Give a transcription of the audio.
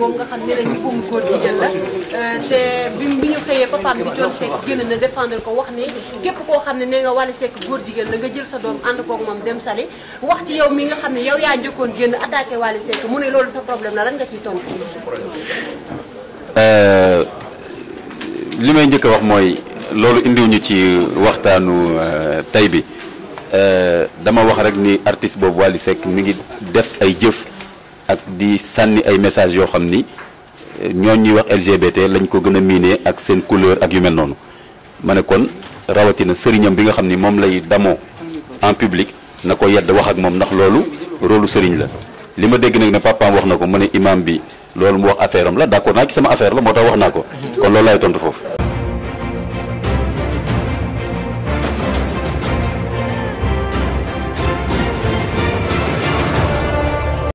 boobu nga xam ne ren ñu bëgg góor jigéen la euh, te bi bi ñu xëyee papaam bi doon Seck génn na défendre ko wax ne képp koo xam ne nee nga Wally Seck góor jigéen la nga jël sa doom ànd koog moom dem sali wax ci yow mi nga xam ne yow yaa njëkkoon génn attaqué Wally Seck mu ne loolu sa problème la lan nga ciy tontu. Euh, li may njëkk a wax mooy loolu indiwuñu ci waxtaanu euh, tey bi dama wax rek ni artiste boobu Wally Seck mi ngi def ay jëf. ak di sànni ay message yoo xam ni ñoo ñuy wax LGBT lañ ko gën a miine ak seen couleur ak yu mel noonu ma ne kon rawatina sëriñam bi nga xam ni moom lay damoo en publique na ko yedd wax ak moom ndax loolu rôlu sëriñ la li ma dégg nag ne papaam wax na ko mu ne imam bi loolu mu wax affaire la d'accord naa ci sama affaire la moo tax wax naa ko kon loolu laay tontu foofu